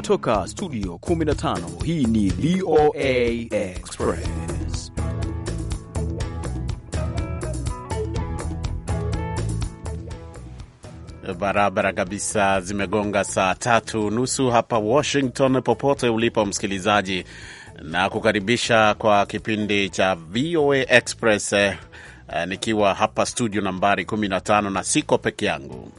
kutoka studio 15 hii ni VOA Express. Barabara kabisa, zimegonga saa tatu nusu hapa Washington. Popote ulipo msikilizaji, na kukaribisha kwa kipindi cha VOA Express eh, nikiwa hapa studio nambari 15 na siko peke yangu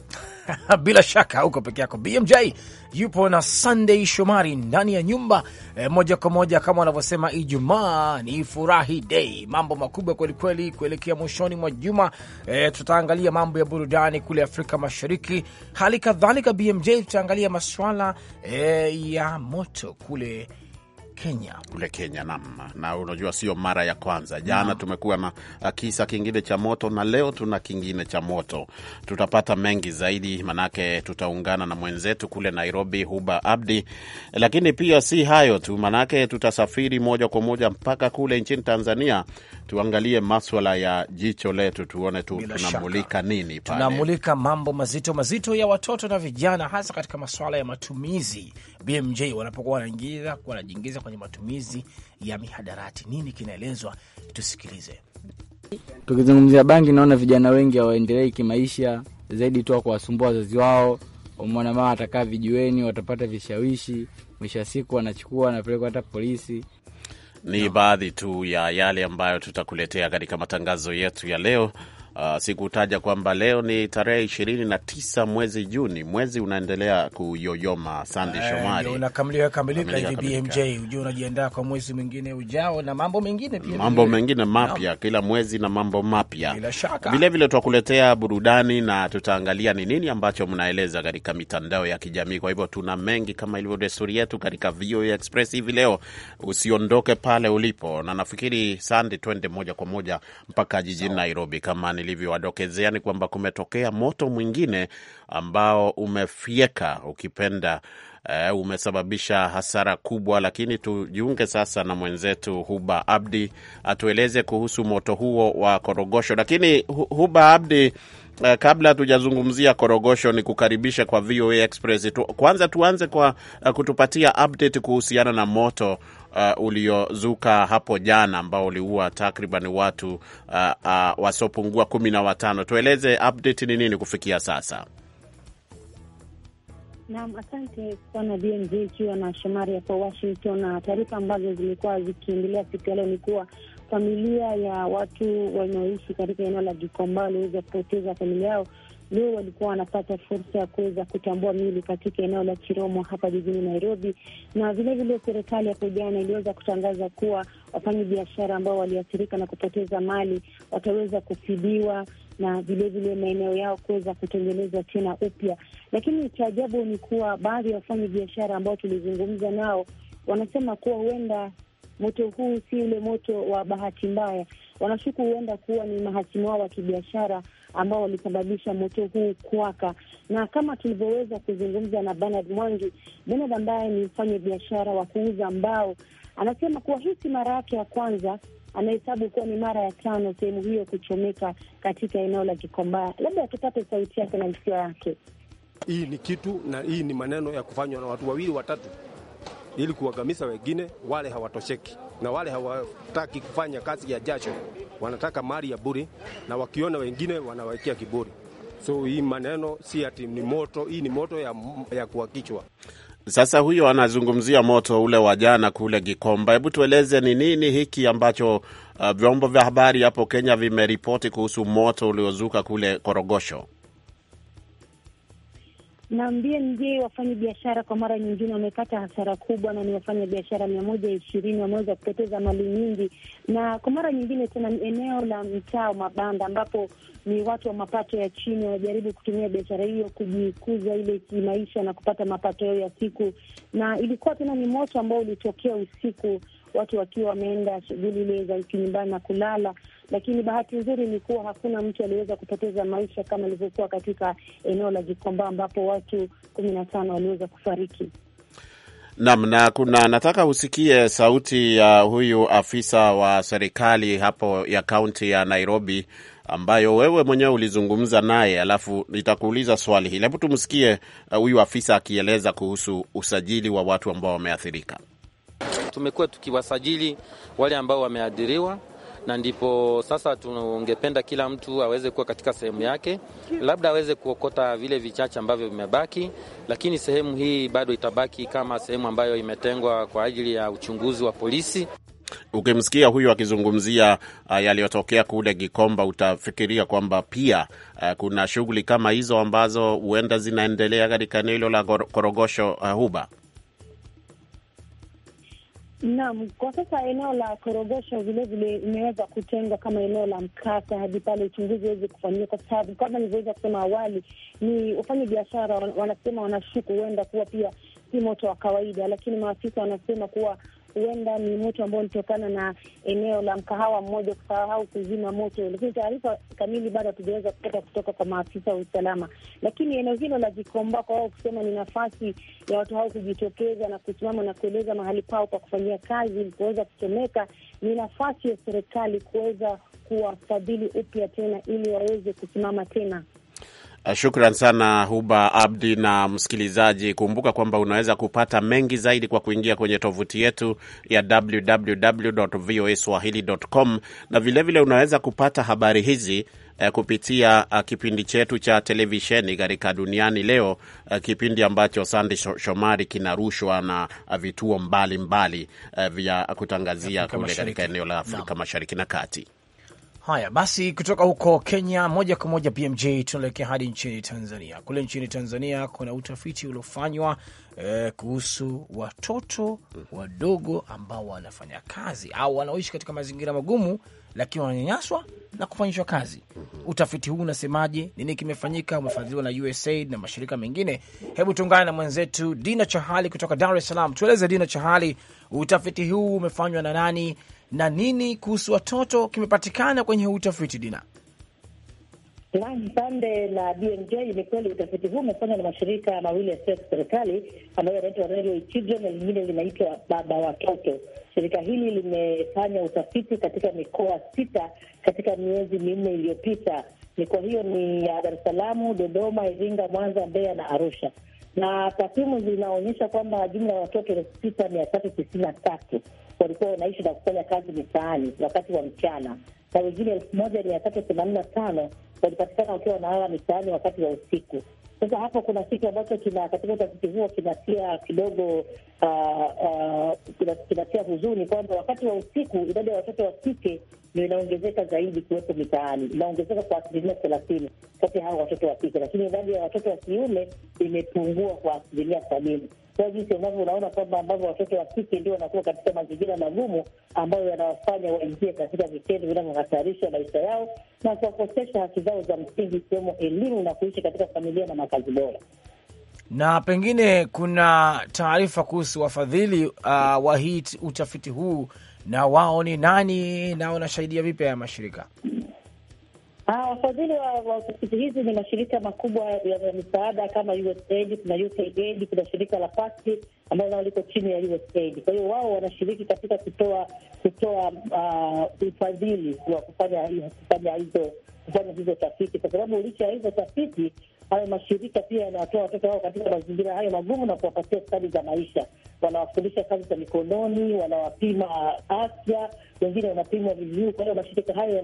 bila shaka uko peke yako. BMJ yupo na Sunday Shomari ndani ya nyumba e, moja kwa moja kama wanavyosema, Ijumaa ni furahi day, mambo makubwa kwelikweli kuelekea mwishoni mwa juma. E, tutaangalia mambo ya burudani kule Afrika Mashariki, hali kadhalika BMJ tutaangalia maswala e, ya moto kule Kenya, kule Kenya nam. Na unajua sio mara ya kwanza, jana no. tumekuwa na ah, kisa kingine cha moto na leo tuna kingine cha moto. Tutapata mengi zaidi, manake tutaungana na mwenzetu kule Nairobi, Huba Abdi. Lakini pia si hayo tu, manake tutasafiri moja kwa moja mpaka kule nchini Tanzania, tuangalie maswala ya jicho letu, tuone tu tunamulika nini pale. Tunamulika mambo mazito mazito ya watoto na vijana, hasa katika maswala ya matumizi BMJ wanapokuwa wanaingiza wanajiingiza kwenye matumizi ya mihadarati. Nini kinaelezwa? Tusikilize. Tukizungumzia bangi, naona vijana wengi hawaendelei kimaisha, zaidi tu kuwasumbua wazazi wao. Mwanamama watakaa vijiweni, watapata vishawishi, mwisho wa siku wanachukua, wanapelekwa hata polisi. Ni no. baadhi tu ya yale ambayo tutakuletea katika matangazo yetu ya leo Uh, sikutaja kwamba leo ni tarehe ishirini na tisa mwezi Juni, mwezi unaendelea kuyoyoma. Sande eh, Shomari, unakamilika kamilika hivi BMJ, ujue unajiandaa kwa mwezi mwingine ujao na mambo mengine pia, mambo mengine mapya no. Kila mwezi na mambo mapya vilevile. twakuletea burudani na tutaangalia ni nini ambacho mnaeleza katika mitandao ya kijamii. Kwa hivyo tuna mengi kama ilivyo desturi yetu katika VOA Express hivi leo. Usiondoke pale ulipo, na nafikiri Sande, twende moja kwa moja mpaka jijini no. Nairobi kama nilivyowadokezea ni kwamba kumetokea moto mwingine ambao umefyeka ukipenda, uh, umesababisha hasara kubwa, lakini tujiunge sasa na mwenzetu Huba Abdi atueleze kuhusu moto huo wa korogosho. Lakini Huba Abdi, uh, kabla hatujazungumzia korogosho, ni kukaribisha kwa VOA Express tu. Kwanza tuanze kwa uh, kutupatia update kuhusiana na moto uh, uliozuka hapo jana ambao uliua takriban watu uh, uh, wasiopungua kumi na watano. Tueleze update ni nini kufikia sasa? Naam, asante sana BMJ, ikiwa na Shomari hapo Washington, na taarifa ambazo zimekuwa zikiendelea siku ya leo ni kuwa familia ya watu wanaoishi katika eneo la Gikomba waliweza kupoteza familia yao leo walikuwa wanapata fursa ya kuweza kutambua mili katika eneo la Chiromo hapa jijini Nairobi. Na vilevile serikali hapo jana iliweza kutangaza kuwa biashara ambao waliathirika na kupoteza mali wataweza kufidiwa na vilevile maeneo yao kuweza kutengenezwa tena upya. Lakini cha ajabu ni kuwa baadhi ya biashara ambao tulizungumza nao wanasema kuwa huenda moto huu si ule moto wa bahati mbaya. Wanashuku huenda kuwa ni mahasimu wao wa kibiashara ambao walisababisha moto huu kuwaka. Na kama tulivyoweza kuzungumza na Bernard Mwangi, Bernard ambaye ni mfanya biashara wa kuuza mbao, anasema kuwa hii si mara yake ya kwanza anahesabu kuwa ni mara ya tano sehemu hiyo kuchomeka katika eneo la kikombaa Labda tupate sauti yake na hisia yake. Hii ni kitu na hii ni maneno ya kufanywa na watu wawili watatu, ili kuwagamisa wengine. Wale hawatosheki na wale hawataki kufanya kazi ya jasho, wanataka mali ya bure, na wakiona wengine wanawaekea kiburi. So hii maneno si ati ni moto, hii ni moto ya, ya kuhakichwa. Sasa huyo anazungumzia moto ule wa jana kule Gikomba. Hebu tueleze ni nini hiki ambacho uh, vyombo vya habari hapo Kenya vimeripoti kuhusu moto uliozuka kule Korogosho na BMJ wafanya biashara kwa mara nyingine wamepata hasara kubwa, na ni wafanya biashara mia moja ishirini wameweza kupoteza mali nyingi, na kwa mara nyingine tena ni eneo la mtaa mabanda, ambapo ni watu wa mapato ya chini wanajaribu kutumia biashara hiyo kujikuza ile kimaisha na kupata mapato yao ya siku. Na ilikuwa tena ni moto ambao ulitokea usiku, watu wakiwa wameenda shughuli ile za kinyumbani na kulala, lakini bahati nzuri ni kuwa hakuna mtu aliweza kupoteza maisha kama ilivyokuwa katika eneo la Gikomba ambapo watu kumi na tano waliweza kufariki. Naam, na kuna nataka usikie sauti ya huyu afisa wa serikali hapo ya kaunti ya Nairobi ambayo wewe mwenyewe ulizungumza naye, alafu nitakuuliza swali hili. Hebu tumsikie uh, huyu uh, afisa akieleza kuhusu usajili wa watu ambao wameathirika. Tumekuwa tukiwasajili wale ambao wameathiriwa na ndipo sasa tungependa kila mtu aweze kuwa katika sehemu yake, labda aweze kuokota vile vichache ambavyo vimebaki, lakini sehemu hii bado itabaki kama sehemu ambayo imetengwa kwa ajili ya uchunguzi wa polisi. Ukimsikia huyu akizungumzia uh, yaliyotokea kule Gikomba utafikiria kwamba pia uh, kuna shughuli kama hizo ambazo huenda zinaendelea katika eneo hilo la Korogosho uh, Huba. Naam, kwa sasa eneo la Korogosho vilevile imeweza kutengwa kama eneo la mkasa hadi pale uchunguzi uweze kufanyika, kwa sababu kama nilivyoweza kusema awali, ni wafanya biashara wanasema wanashuku huenda kuwa pia si moto wa kawaida, lakini maafisa wanasema kuwa huenda ni moto ambao ulitokana na eneo la mkahawa mmoja kusahau kuzima moto, lakini taarifa kamili bado hatujaweza kupata kutoka kwa maafisa wa usalama. Lakini eneo hilo la Jikomba, kwa wao kusema ni nafasi ya watu hao kujitokeza na kusimama na kueleza mahali pao pa kufanyia kazi kuweza kuchomeka, ni nafasi ya serikali kuweza kuwafadhili upya tena ili waweze kusimama tena. Eh, shukran sana Huba Abdi. Na msikilizaji, kumbuka kwamba unaweza kupata mengi zaidi kwa kuingia kwenye tovuti yetu ya www.voaswahili.com, na vilevile vile unaweza kupata habari hizi eh, kupitia eh, kipindi chetu cha televisheni katika Duniani Leo, kipindi ambacho Sande Shomari kinarushwa na vituo mbalimbali mbali vya kutangazia kule katika eneo la Afrika no. Mashariki na Kati. Haya basi, kutoka huko Kenya moja kwa moja BMJ tunaelekea hadi nchini Tanzania. Kule nchini Tanzania kuna utafiti uliofanywa eh, kuhusu watoto wadogo ambao wanafanya kazi au wanaoishi katika mazingira magumu, lakini wananyanyaswa na kufanyishwa kazi. Utafiti huu unasemaje? Nini kimefanyika? Umefadhiliwa na USAID na mashirika mengine. Hebu tuungane na mwenzetu Dina Chahali kutoka Dar es Salaam. Tueleze Dina Chahali, utafiti huu umefanywa na nani na nini kuhusu watoto kimepatikana kwenye huu utafiti Dina? Naam, pande na BMJ, ni kweli utafiti huu umefanywa na mashirika mawili yasiyo ya serikali ambayo yanaitwa Railway Children na lingine linaitwa Baba Watoto. Shirika hili limefanya utafiti katika mikoa sita katika miezi minne iliyopita. Mikoa hiyo ni ya Dar es Salaam, Dodoma, Iringa, Mwanza, Mbeya na Arusha, na takwimu zinaonyesha kwamba jumla ya watoto elfu sita mia tatu tisini na tatu walikuwa wanaishi na kufanya kazi mitaani wakati wa mchana, na wengine elfu moja mia tatu themanini na tano walipatikana wakiwa wanalala mitaani wakati wa usiku. Sasa hapo kuna kitu ambacho kina katika utafiti huo kinatia kidogo uh, uh, kinatia huzuni kwamba wakati wa usiku idadi ya watoto wa kike ndio inaongezeka zaidi kuwepo mitaani, inaongezeka kwa asilimia thelathini kati ya hao watoto wa kike, lakini idadi ya watoto wa kiume imepungua kwa asilimia sabini. Sio jinsi ambavyo unaona kwamba ambavyo watoto wa kike ndio wanakuwa katika mazingira magumu ambayo yanawafanya waingie katika vitendo vinavyohatarisha maisha yao na kuwakosesha haki zao za msingi ikiwemo elimu na kuishi katika familia na makazi bora. Na pengine kuna taarifa kuhusu wafadhili uh, wa hii utafiti huu, na wao ni nani na wanashahidia vipi haya mashirika? Ah, wafadhili wa ofisi hizi ni mashirika makubwa ya misaada kama USAID, kuna UKAID, kuna shirika la pasi ambayo nao liko chini ya USAID. Kwa hiyo wao wanashiriki katika kutoa kutoa ah, ufadhili wa kufanya hizo kufanya hizo tafiti, kwa sababu licha ya hizo tafiti hayo mashirika pia yanawatoa watoto wao katika mazingira hayo magumu na kuwapatia stadi za maisha. Wanawafundisha kazi za mikononi, wanawapima afya, wengine wanapimwa vizuri. Kwa hiyo mashirika hayo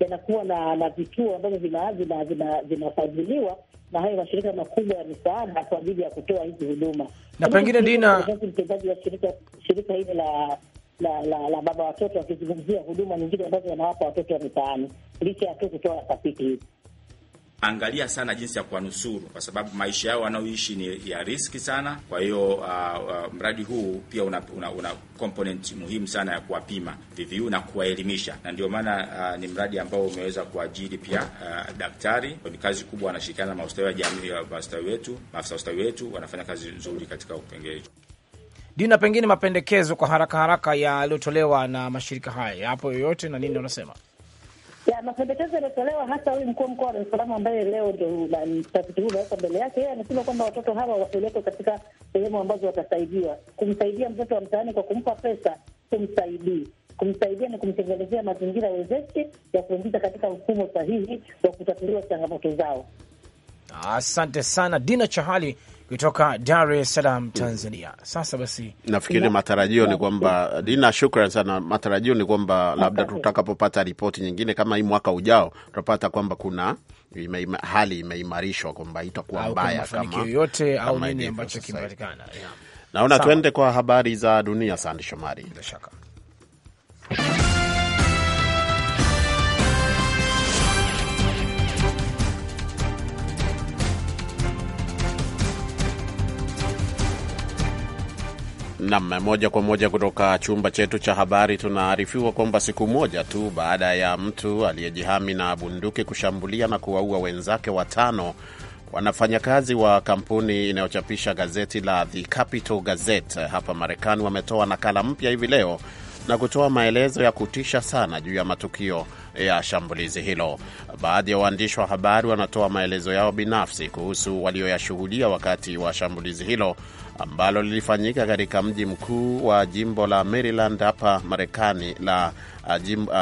yanakuwa na, na vituo ambavyo vinafadhiliwa vina, vina, vina na hayo mashirika makubwa ya misaada kwa ajili ya kutoa hizi huduma. Na pengine Dina, mtendaji wa shirika, shirika hili la la, la, la baba watoto wakizungumzia huduma nyingine ambazo wanawapa watoto wa mitaani licha ya tu kutoa tafiti hizi angalia sana jinsi ya kuwanusuru, kwa sababu maisha yao wanaoishi ni ya riski sana. Kwa hiyo uh, uh, mradi huu pia una, una, una component muhimu sana ya kuwapima VVU na kuwaelimisha, na ndio maana uh, ni mradi ambao umeweza kuajiri pia uh, daktari. Ni kazi kubwa, wanashirikiana na maustawi ya jamii ya uh, mahospitali wetu, maafisa hospitali wetu wanafanya kazi nzuri katika upengele hicho. Dina, pengine mapendekezo kwa haraka haraka yaliyotolewa na mashirika haya yapo yoyote na nini wanasema? ya mapendekezo yaliyotolewa hasa huyu mkuu mkoa wa Dar es Salaam ambaye leo ndio mtafiti huu unaweka mbele yake, yeye anasema kwamba watoto hawa wapelekwe katika sehemu ambazo watasaidiwa. Kumsaidia mtoto wa mtaani kwa kumpa pesa kumsaidii kumsaidia ni kumtengenezea mazingira wezeshi ya kuingiza katika mfumo sahihi wa kutatuliwa changamoto zao. Asante sana Dina Chahali kutoka Dar es Salaam, Tanzania. Sasa basi, nafikiri matarajio ni kwamba Dina, shukran sana. Matarajio ni kwamba labda tutakapopata ripoti nyingine kama hii mwaka ujao, tutapata kwamba kuna ime, hali imeimarishwa kwamba itakuwa mbaya kama yote au nini ambacho kimepatikana. Naona tuende kwa habari za dunia. Sande Shomari, bila shaka Nam, moja kwa moja kutoka chumba chetu cha habari, tunaarifiwa kwamba siku moja tu baada ya mtu aliyejihami na bunduki kushambulia na kuwaua wenzake watano, wanafanyakazi wa kampuni inayochapisha gazeti la The Capital Gazette hapa Marekani wametoa nakala mpya hivi leo na kutoa maelezo ya kutisha sana juu ya matukio ya shambulizi hilo. Baadhi ya waandishi wa habari wanatoa maelezo yao binafsi kuhusu walioyashuhudia wakati wa shambulizi hilo ambalo lilifanyika katika mji mkuu wa jimbo la Maryland hapa Marekani la uh, jim, uh,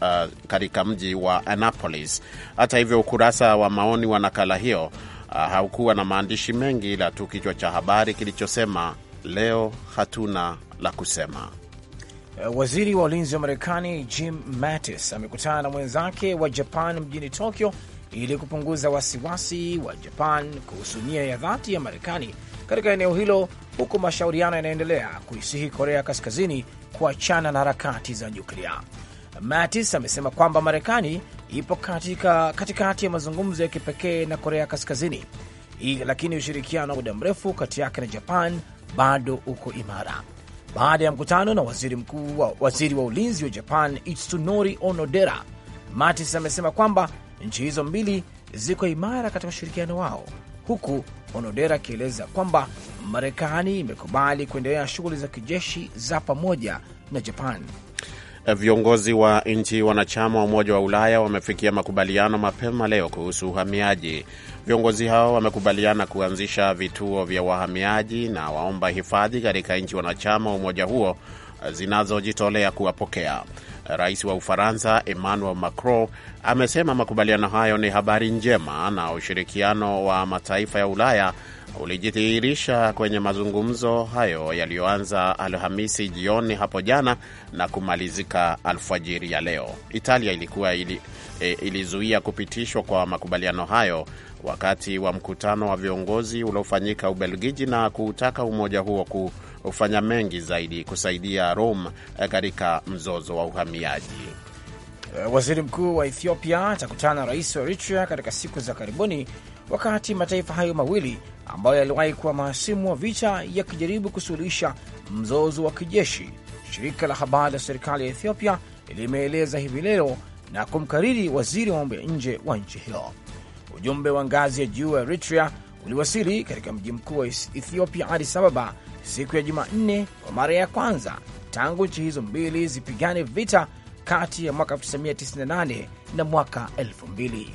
uh, katika mji wa Annapolis. Hata hivyo, ukurasa wa maoni wa nakala hiyo uh, haukuwa na maandishi mengi, ila tu kichwa cha habari kilichosema leo hatuna la kusema. Eh, waziri wa ulinzi wa Marekani Jim Mattis amekutana na mwenzake wa Japan mjini Tokyo ili kupunguza wasiwasi wa Japan kuhusu nia ya dhati ya Marekani katika eneo hilo, huku mashauriano yanaendelea kuisihi Korea Kaskazini kuachana na harakati za nyuklia. Mattis amesema kwamba Marekani ipo katika katikati ya mazungumzo ya kipekee na Korea Kaskazini, lakini ushirikiano wa muda mrefu kati yake na Japan bado uko imara baada ya mkutano na waziri mkuu wa waziri wa ulinzi wa Japan Itsunori Onodera. Mattis amesema kwamba nchi hizo mbili ziko imara katika ushirikiano wao, huku Onodera akieleza kwamba Marekani imekubali kuendelea shughuli za kijeshi za pamoja na Japan. Eh, viongozi wa nchi wanachama wa Umoja wa Ulaya wamefikia makubaliano mapema leo kuhusu uhamiaji. Viongozi hao wamekubaliana kuanzisha vituo vya wahamiaji na waomba hifadhi katika nchi wanachama wa umoja huo eh, zinazojitolea kuwapokea. Rais wa Ufaransa Emmanuel Macron amesema makubaliano hayo ni habari njema na ushirikiano wa mataifa ya Ulaya ulijidhihirisha kwenye mazungumzo hayo yaliyoanza Alhamisi jioni hapo jana na kumalizika alfajiri ya leo. Italia ilikuwa ili, e, ilizuia kupitishwa kwa makubaliano hayo wakati wa mkutano wa viongozi uliofanyika Ubelgiji na kuutaka umoja huo kufanya mengi zaidi kusaidia Rome e, katika mzozo wa uhamiaji. E, waziri mkuu wa Ethiopia atakutana na rais wa Eritrea katika siku za karibuni wakati mataifa hayo mawili ambayo yaliwahi kuwa mahasimu wa vita yakijaribu kusuluhisha mzozo wa kijeshi. Shirika la habari la serikali ya Ethiopia limeeleza hivi leo na kumkariri waziri wa mambo ya nje wa nchi hiyo Ujumbe wa ngazi ya juu wa Eritrea uliwasili katika mji mkuu wa Ethiopia, Addis Ababa, siku ya Jumanne kwa mara ya kwanza tangu nchi hizo mbili zipigane vita kati ya mwaka 1998 na mwaka 2000.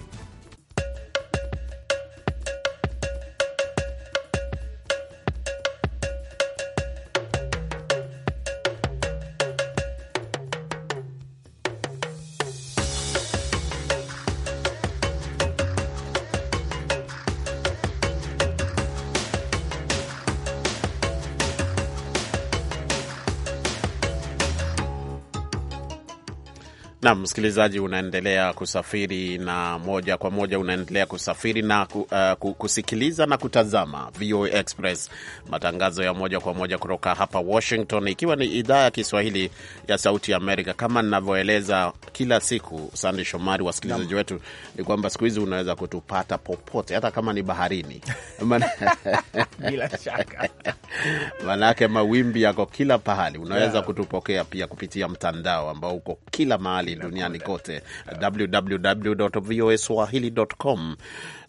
Naam, msikilizaji, unaendelea kusafiri na moja kwa moja unaendelea kusafiri na uh, kusikiliza na kutazama VOA Express, matangazo ya moja kwa moja kutoka hapa Washington, ikiwa ni idhaa ya Kiswahili ya Sauti ya Amerika. Kama ninavyoeleza kila siku, Sande Shomari, wasikilizaji wetu, ni kwamba siku hizi unaweza kutupata popote, hata kama ni baharini bila shaka, mawimbi yako kila pahali. Unaweza yeah, kutupokea pia kupitia mtandao ambao uko kila mahali duniani kote, www voa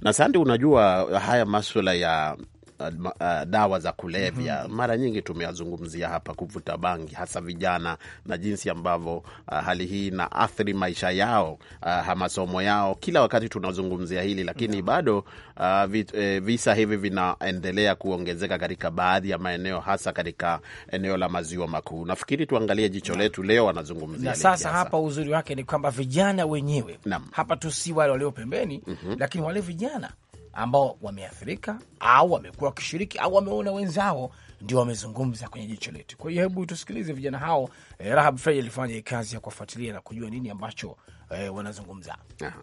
Na Sandi, unajua haya maswala ya uh, uh, dawa za kulevya mm -hmm. Mara nyingi tumeazungumzia hapa, kuvuta bangi hasa vijana na jinsi ambavyo uh, hali hii na athiri maisha yao uh, masomo yao. Kila wakati tunazungumzia hili, lakini mm -hmm. bado uh, vit, eh, visa hivi vinaendelea kuongezeka katika baadhi ya maeneo, hasa katika eneo la maziwa makuu. Nafikiri tuangalie jicho mm letu leo wanazungumzia sasa hapa Uzuri wake ni kwamba vijana wenyewe hapa tu si wale walio pembeni mm -hmm. lakini wale vijana ambao wameathirika au wamekuwa wakishiriki au wameona wenzao ndio wamezungumza kwenye jicho letu. Kwa hiyo hebu tusikilize vijana hao. Eh, Rahab fred alifanya kazi ya kuwafuatilia na kujua nini ambacho eh, wanazungumza. Aha.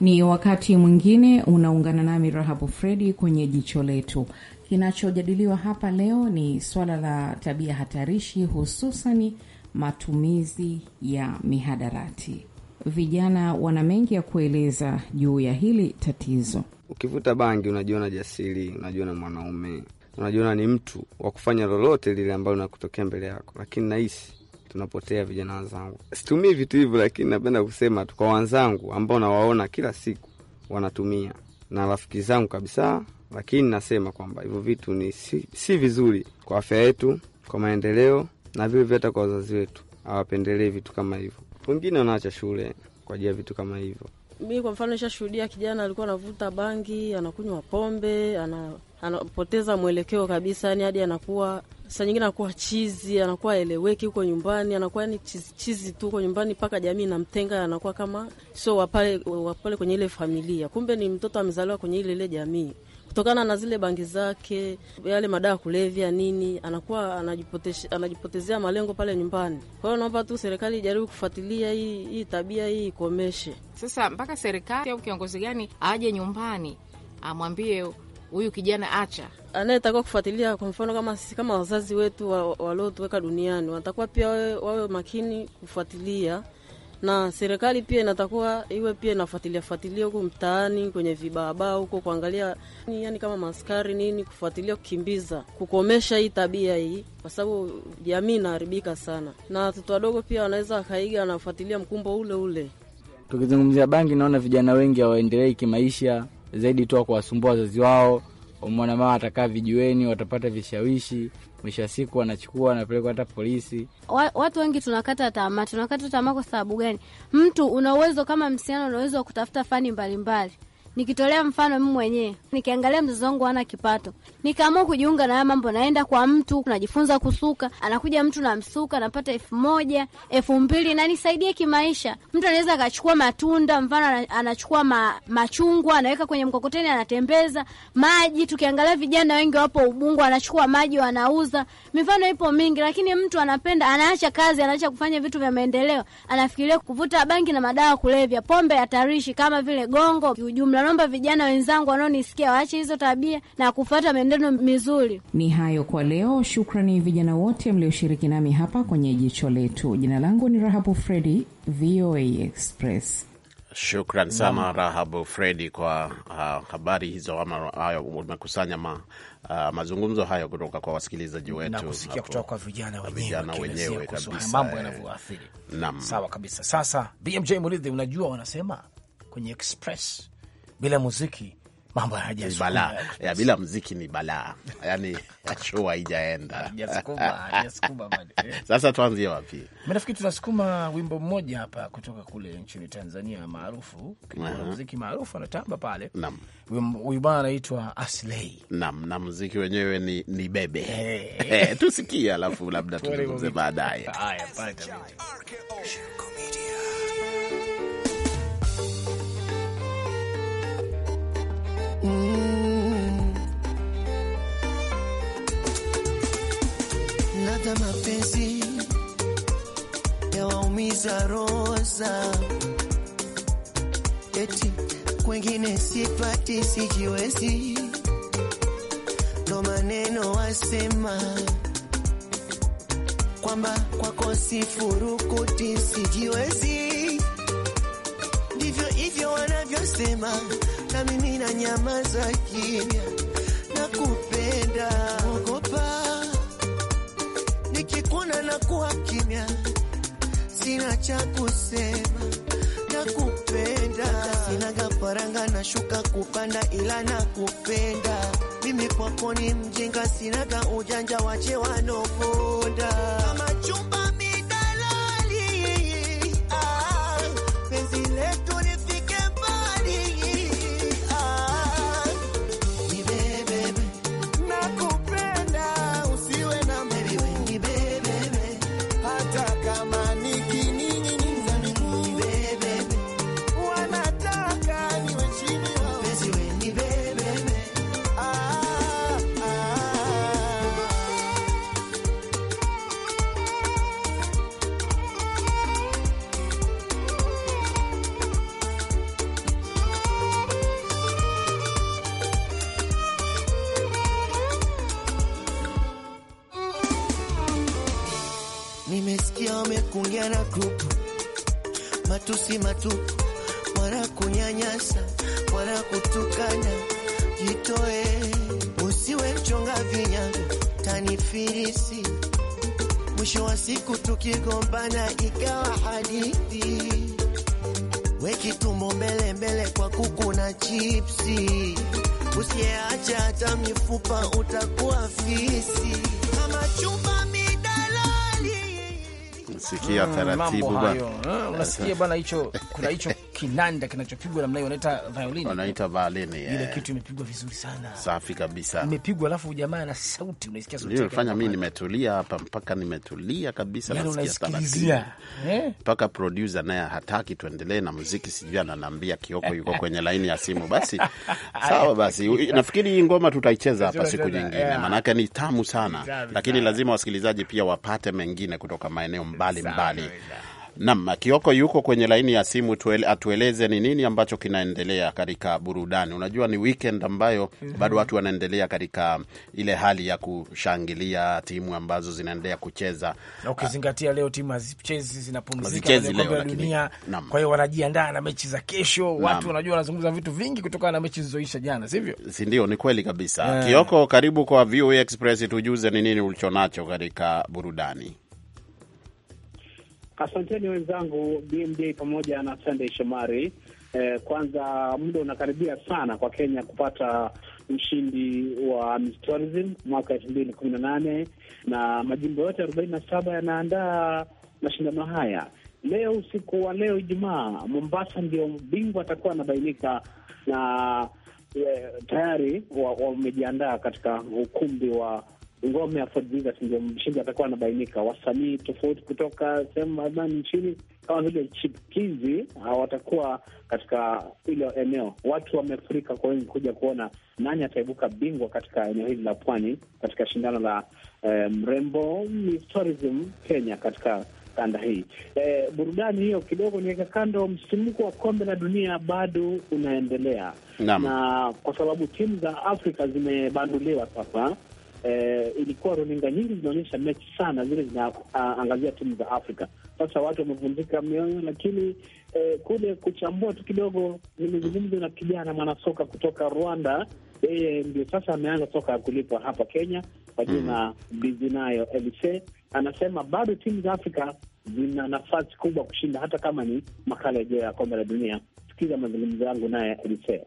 Ni wakati mwingine unaungana nami Rahabu Fredi kwenye jicho letu. Kinachojadiliwa hapa leo ni swala la tabia hatarishi, hususani matumizi ya mihadarati vijana wana mengi ya kueleza juu ya hili tatizo. Ukivuta bangi unajiona jasiri, unajiona mwanaume, unajiona ni mtu wa kufanya lolote lile ambalo nakutokea mbele yako, lakini nahisi tunapotea vijana wenzangu. Situmii vitu hivyo, lakini napenda kusema tu kwa wenzangu ambao nawaona kila siku wanatumia na rafiki zangu kabisa, lakini nasema kwamba hivyo vitu ni si, si vizuri kwa afya yetu, kwa maendeleo na vile vile hata kwa wazazi wetu hawapendelee vitu kama hivyo wengine wanaacha shule kwa ajili ya vitu kama hivyo. Mi kwa mfano nishashuhudia kijana alikuwa anavuta bangi, anakunywa pombe, ana, anapoteza mwelekeo kabisa, yani hadi anakuwa saa nyingine anakuwa chizi, anakuwa eleweki huko nyumbani, anakuwa yani chizi, chizi tu huko nyumbani, mpaka jamii inamtenga, anakuwa kama sio wapale, wapale kwenye ile familia. Kumbe ni mtoto amezaliwa kwenye ile ile jamii kutokana na zile bangi zake, yale madawa ya kulevya nini, anakuwa anajipotezea malengo pale nyumbani. Kwa hiyo naomba tu serikali ijaribu kufuatilia hii hii tabia hii ikomeshe. Sasa mpaka serikali au kiongozi gani aje nyumbani amwambie huyu kijana acha anayetakiwa kufuatilia. Kwa mfano kama sisi kama wazazi wetu waliotuweka duniani, watakuwa pia wawe, wawe makini kufuatilia na serikali pia inatakuwa iwe pia inafuatilia fuatilia huko mtaani kwenye vibaba huko kuangalia ni, yani kama maskari nini kufuatilia kukimbiza kukomesha hii tabia hii, kwa sababu jamii inaharibika sana, na watoto wadogo pia wanaweza akaiga anafuatilia mkumbo ule ule. Tukizungumzia bangi, naona vijana wengi hawaendelei kimaisha, zaidi tu kuwasumbua wazazi wao mama watakaa vijiweni, watapata vishawishi, mwisho wa siku wanachukua wanapelekwa hata polisi. Wa, watu wengi tunakata tamaa. Tunakata tamaa kwa sababu gani? Mtu una uwezo kama msichana, una uwezo wa kutafuta fani mbalimbali mbali. Nikitolea mfano mimi mwenyewe, nikiangalia mzazi wangu hana kipato, nikaamua kujiunga na haya mambo, naenda kwa mtu najifunza kusuka, anakuja mtu namsuka, napata elfu moja elfu mbili nanisaidia kimaisha. Mtu anaweza akachukua matunda, mfano anachukua ma, machungwa anaweka kwenye mkokoteni, anatembeza maji. Tukiangalia vijana wengi wapo Ubungo, anachukua maji wanauza. Mifano ipo mingi, lakini mtu anapenda, anaacha kazi, anaacha kufanya vitu vya maendeleo, anafikiria kuvuta bangi na madawa kulevya, pombe hatarishi kama vile gongo, kiujumla naomba vijana wenzangu wanaonisikia waache hizo tabia na kufuata miendendo mizuri. Ni hayo kwa leo. Shukrani vijana wote mlioshiriki nami hapa kwenye jicho letu. Jina langu ni Rahabu Fredi, VOA Express. Shukran sana mm. Rahabu Fredi kwa uh, habari hizo ama uh, umekusanya ma, uh, mazungumzo hayo kutoka kwa wasikilizaji wetu kutoka kwa vijana wenyewe kabisa, mambo eh. yanavyoathiri. Naam, sawa kabisa. Sasa BMJ Muridhi, unajua wanasema kwenye Express bila muziki mambo hayajasukuma bila muziki ni balaa yani show haijaenda sasa tuanzie wapi? Mimi nafikiri tunasukuma wimbo mmoja hapa kutoka kule nchini Tanzania maarufu muziki maarufu anatamba pale. huyu bwana anaitwa aslei nam na muziki wenyewe ni, ni bebe hey. tusikie alafu labda tuzungumze baadaye. Mm. nada mapenzi yawaumiza roho eti kwengine sipati, sijiwezi, ndo maneno wasema kwamba kwako sifurukuti, sijiwezi, ndivyo hivyo wanavyosema na mimi na za kimya, nakupenda ogopa, nikikuona kuwa kimya, sina cha kusema, nakupenda, sinaga na shuka kupanda, ila nakupenda mimi, kwako ni mjinga, sinaga ujanja, wache wanoponda kama chumba kukupa matusi matupu, wanakunyanyasa, wanakutukana. Jitoe, usiwe mchonga vinyago tanifirisi. Mwisho wa siku tukigombana ikawa hadithi, we kitumbo mbele mbele kwa kuku na chipsi. Usiyeacha hata mifupa utakuwa fisi kama chumba unasikia mm, taratibu bana, mm, unasikia bana hicho, kuna hicho kinanda kinachopigwa namna hiyo, wanaita violin, wanaita violini yeah. Ile kitu imepigwa vizuri sana, safi kabisa, imepigwa alafu jamaa na sauti, unaisikia sauti hiyo. Fanya mimi nimetulia hapa mpaka nimetulia kabisa, yani unaisikilizia eh? mpaka eh? Producer naye hataki tuendelee na muziki, sijui ananiambia Kioko yuko kwenye laini ya simu. Basi sawa, basi nafikiri hii ngoma tutaicheza hapa siku nyingine yeah. Manake ni tamu sana, lakini lazima wasikilizaji pia wapate mengine kutoka maeneo mbalimbali mbali. Naam, Kioko yuko kwenye laini ya simu tuele, atueleze ni nini ambacho kinaendelea katika burudani. Unajua ni weekend ambayo mm -hmm. bado watu wanaendelea katika ile hali ya kushangilia timu ambazo zinaendelea kucheza na ukizingatia leo timu hazichezi, zinapumzika kombe Kwa hiyo wanajiandaa na mechi za kesho. Watu wanajua wanazungumza vitu vingi kutokana na mechi zilizoisha jana, sivyo? Si ndio? Ni kweli kabisa yeah. Kioko, karibu kwa VOA Express, tujuze ni nini ulichonacho katika burudani. Asanteni wenzangu BMJ pamoja na Sandey Shomari. Eh, kwanza muda unakaribia sana kwa Kenya kupata mshindi wa Miss Tourism mwaka elfu mbili kumi na nane na majimbo yote arobaini na saba yanaandaa mashindano haya. Leo usiku wa leo Ijumaa, Mombasa ndio bingwa atakuwa anabainika na, na eh, tayari wamejiandaa wa katika ukumbi wa ngome ya Fort Jesus ndio mshindi atakuwa anabainika. Wasanii tofauti kutoka sehemu mbalimbali nchini kama vile chipkizi ah, watakuwa katika hilo eneo. Watu wamefurika kwa wengi kuja kuona nani ataibuka bingwa katika eneo hili la pwani katika shindano la eh, mrembo Miss Tourism Kenya katika kanda hii. Eh, burudani hiyo kidogo niweka kando. Msisimko wa kombe la dunia bado unaendelea Naam. na kwa sababu timu za Afrika zimebanduliwa sasa eh, ilikuwa runinga nyingi zinaonyesha mechi sana zile zinaangazia timu za Afrika. Sasa watu wamevunjika mioyo, lakini eh, kule kuchambua tu kidogo, nimezungumza na kijana mwanasoka kutoka Rwanda. Yeye ndio sasa ameanza soka ya kulipwa hapa Kenya kwa jina mm, Bizinayo LC Anasema bado timu za Afrika zina nafasi kubwa kushinda, hata kama ni makala yajayo ya kombe la dunia. Sikiza mazungumzo yangu naye Elise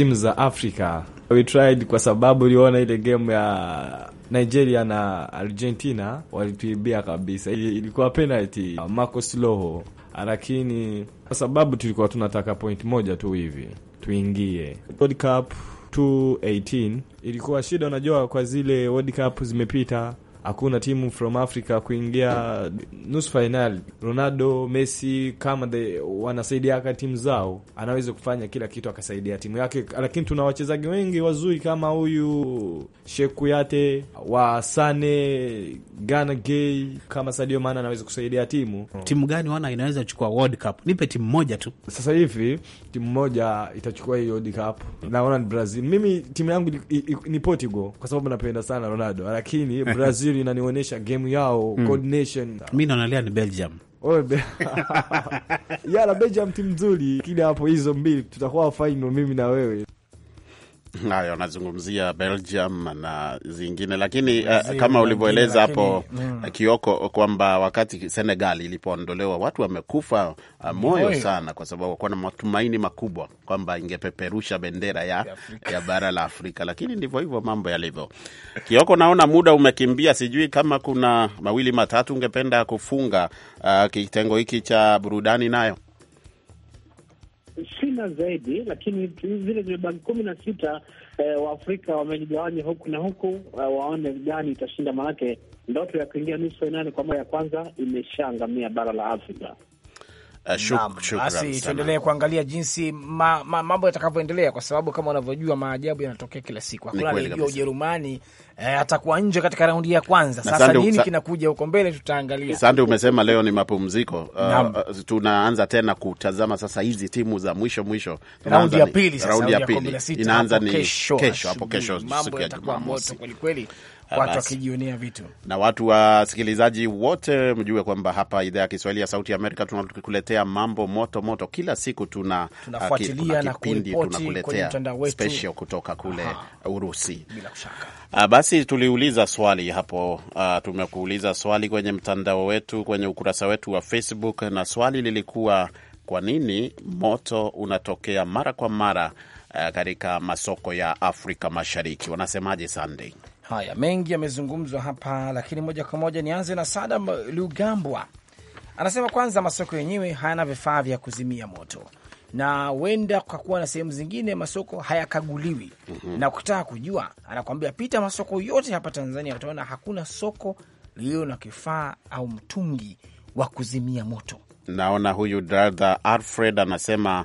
timu za Afrika. We tried kwa sababu uliona ile game ya Nigeria na Argentina walituibia kabisa, ilikuwa penalty Marcos Rojo, lakini kwa sababu tulikuwa tunataka point moja tu hivi tuingie World Cup 2018 ilikuwa shida. Unajua, kwa zile World Cup zimepita hakuna timu from Africa kuingia nusu fainali. Ronaldo, Messi kama the wanasaidia aka timu zao, anaweza kufanya kila kitu akasaidia timu yake, lakini tuna wachezaji wengi wazuri kama huyu Sheku Yate wa Sane, Gana Gay kama Sadio Mane anaweza kusaidia timu. Timu gani wana inaweza kuchukua World Cup? Nipe timu moja tu sasa hivi, timu moja itachukua hiyo World Cup, naona ni Brazil. Mimi timu yangu ni Portugal kwa sababu napenda sana Ronaldo, lakini Brazil Brazil inanionyesha game yao mm. coordination. Mimi naonelea ni Belgium. Yala, Belgium timu nzuri, kile hapo, hizo mbili tutakuwa final, mimi na wewe. Hayo anazungumzia Belgium na zingine, lakini uh, kama ulivyoeleza hapo eh, mm, Kioko, kwamba wakati Senegal ilipoondolewa watu wamekufa uh, moyo sana, kwa sababu wakuwa na matumaini makubwa kwamba ingepeperusha bendera ya, ya, ya bara la Afrika, lakini ndivyo hivyo mambo yalivyo. Kioko, naona muda umekimbia, sijui kama kuna mawili matatu ungependa kufunga uh, kitengo hiki cha burudani nayo sina zaidi, lakini zile zimebaki kumi na sita. Eh, Waafrika wamejigawanya huku na huku, eh, waone gani itashinda, maanake ndoto ya kuingia nusu fainali kwa mara ya kwanza imeshaangamia bara la Afrika. Eh, basi tuendelee kuangalia jinsi ma, ma, mambo yatakavyoendelea, kwa sababu kama unavyojua maajabu yanatokea kila siku. Hakuna anayejua Ujerumani eh, atakuwa nje katika raundi ya kwanza. Sasa Sande, nini kinakuja huko mbele tutaangalia. Sande, umesema leo ni mapumziko uh, tunaanza tena kutazama sasa hizi timu za mwisho mwisho, raundi ya pili, raundi ya pili inaanza ni kesho, hapo kesho siku ya Jumamosi Ah, watu wakijionea vitu. Na watu wasikilizaji wote mjue kwamba hapa idhaa ya Kiswahili ya Sauti ya Amerika tunakuletea mambo moto moto kila siku, tuna ah, tunafuatilia na kipindi tunakuletea special kutoka kule Aha, Urusi. Bila Uh, basi tuliuliza swali hapo uh, tumekuuliza swali kwenye mtandao wetu kwenye ukurasa wetu wa Facebook na swali lilikuwa kwa nini moto unatokea mara kwa mara uh, katika masoko ya Afrika Mashariki? Wanasemaje Sunday? Haya, mengi yamezungumzwa hapa, lakini moja kwa moja nianze na Sadam Lugambwa. Anasema kwanza, masoko yenyewe hayana vifaa vya kuzimia moto na huenda kukakuwa na sehemu zingine masoko hayakaguliwi. mm -hmm. Na kutaka kujua, anakuambia pita masoko yote hapa Tanzania, utaona hakuna soko lililo na kifaa au mtungi wa kuzimia moto. Naona huyu dada Alfred anasema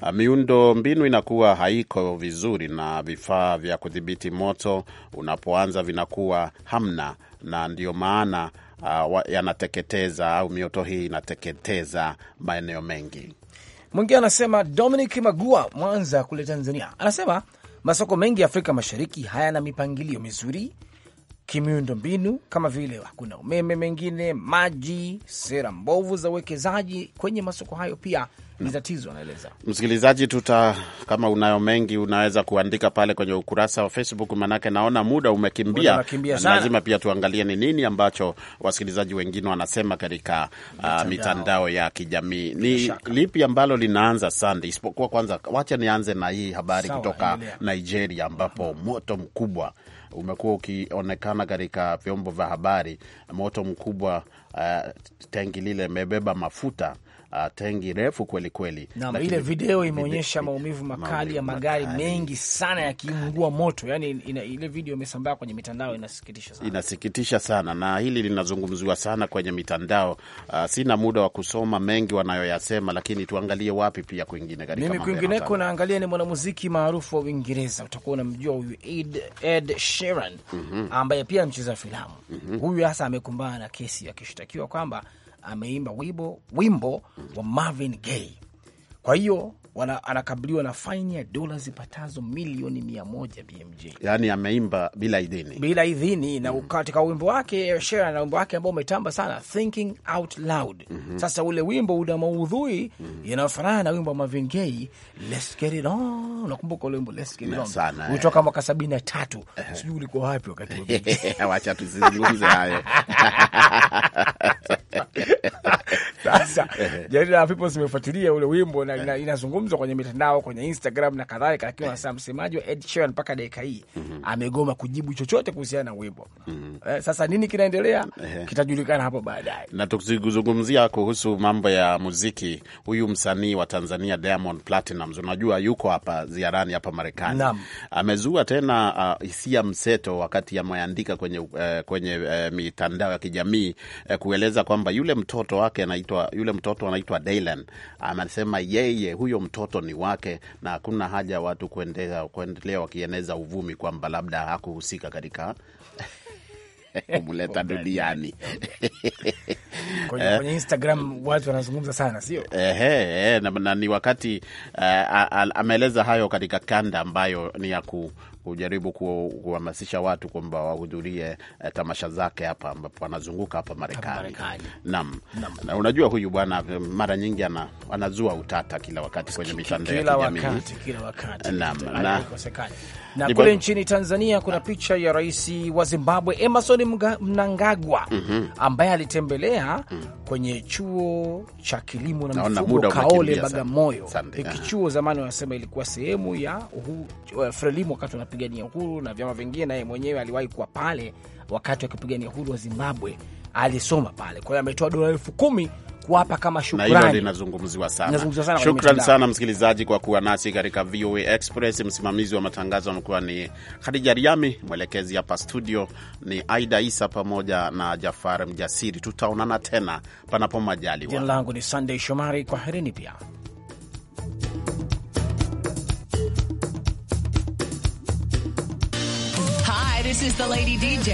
Ah, miundo mbinu inakuwa haiko vizuri na vifaa vya kudhibiti moto unapoanza vinakuwa hamna, na ndiyo maana uh, yanateketeza au mioto hii inateketeza maeneo mengi. Mwingine anasema Dominic Magua, Mwanza kule Tanzania, anasema masoko mengi ya Afrika Mashariki hayana mipangilio mizuri kimiundo mbinu kama vile hakuna umeme, mengine maji, sera mbovu za uwekezaji kwenye masoko hayo pia ni mm. tatizo, anaeleza msikilizaji. Tuta kama unayo mengi, unaweza kuandika pale kwenye ukurasa wa Facebook, manake naona muda umekimbia, lazima pia tuangalie ni nini ambacho wasikilizaji wengine wanasema katika uh, mitandao ya kijamii. Ni lipi ambalo linaanza sande, Isipokuwa kwanza, wacha nianze na hii habari Sawa, kutoka Nigeria ambapo moto mkubwa umekuwa ukionekana katika vyombo vya habari, moto mkubwa uh, eh, tengi lile imebeba mafuta uh, tengi refu kweli kweli. Naam, ile video imeonyesha maumivu makali ya magari makali mengi sana yakiungua moto, yani ina, ile video imesambaa kwenye mitandao, inasikitisha sana, inasikitisha sana, na hili linazungumziwa sana kwenye mitandao. Uh, sina muda wa kusoma mengi wanayoyasema, lakini tuangalie wapi pia kwingine. Katika mimi kwingineko naangalia ni mwanamuziki maarufu wa Uingereza, utakuwa unamjua huyu Ed, Ed Sheeran mm -hmm. ambaye pia mcheza filamu mm -hmm. huyu hasa amekumbana na kesi akishtakiwa kwamba ameimba wimbo, wimbo wa Marvin Gaye. Kwa hiyo anakabiliwa na faini ya dola zipatazo milioni mia moja BMJ. Yani ameimba bila idhini, bila idhini na mm -hmm. Katika wimbo wake shera na wimbo wake ambao umetamba sana Thinking Out Loud mm -hmm. Sasa ule wimbo una maudhui mm -hmm. yanayofanana na wimbo wa Marvin Gaye Let's Get It On. Unakumbuka ule wimbo Let's Get It On eh. ulitoka mwaka sabini na tatu, sijui ulikuwa wapi wakati. Wacha tusizungumze hayo Sasa jarida la People zimefuatilia ule wimbo na inazungumzwa kwenye mitandao, kwenye Instagram na kadhalika, lakini wanasema msemaji wa Ed Sheeran mpaka dakika hii amegoma kujibu chochote kuhusiana na wimbo. Mhm. Eh, sasa nini kinaendelea kitajulikana hapo baadaye. Na tukizungumzia kuhusu mambo ya muziki, huyu msanii wa Tanzania Diamond Platnumz, unajua yuko hapa ziarani hapa Marekani, amezua tena uh, hisia uh, mseto wakati ameandika kwenye, uh, kwenye uh, mitandao ya kijamii uh, kueleza anaeleza kwamba yule mtoto wake anaitwa yule mtoto anaitwa Dylan, anasema yeye huyo mtoto ni wake na hakuna haja watu kuendelea kuendelea wakieneza uvumi kwamba labda hakuhusika katika kumleta duniani. Eh. Kwenye Instagram watu wanazungumza sana, sio eh, na ni wakati uh, ameeleza hayo katika kanda ambayo ni ya ku kujaribu kuhamasisha watu kwamba wahudhurie eh, tamasha zake hapa ambapo anazunguka hapa Marekani. Naam, na unajua huyu bwana eh, mara nyingi ana, anazua utata kila wakati kwenye mitandao ya kijamii kila wakati. Naam, na na kule nchini Tanzania kuna picha ya rais wa Zimbabwe Emerson Mnangagwa mm -hmm. ambaye alitembelea mm -hmm kwenye chuo cha kilimo na mifugo Kaole Bagamoyo. Hiki chuo zamani wanasema ilikuwa sehemu ya uh, Frelimo wakati wanapigania uhuru na vyama vingine, naye mwenyewe aliwahi kuwa pale wakati wakipigania uhuru wa Zimbabwe, alisoma pale. Kwa hiyo ametoa dola elfu kumi kuwapa kama shukrani, na hilo linazungumziwa sana. Shukrani sana msikilizaji kwa kuwa nasi katika VOA Express. Msimamizi wa matangazo amekuwa ni Khadija Riami, mwelekezi hapa studio ni Aida Isa pamoja na Jafar Mjasiri. Tutaonana tena panapo majaliwa. Jina langu ni Sunday Shomari, kwaherini pia.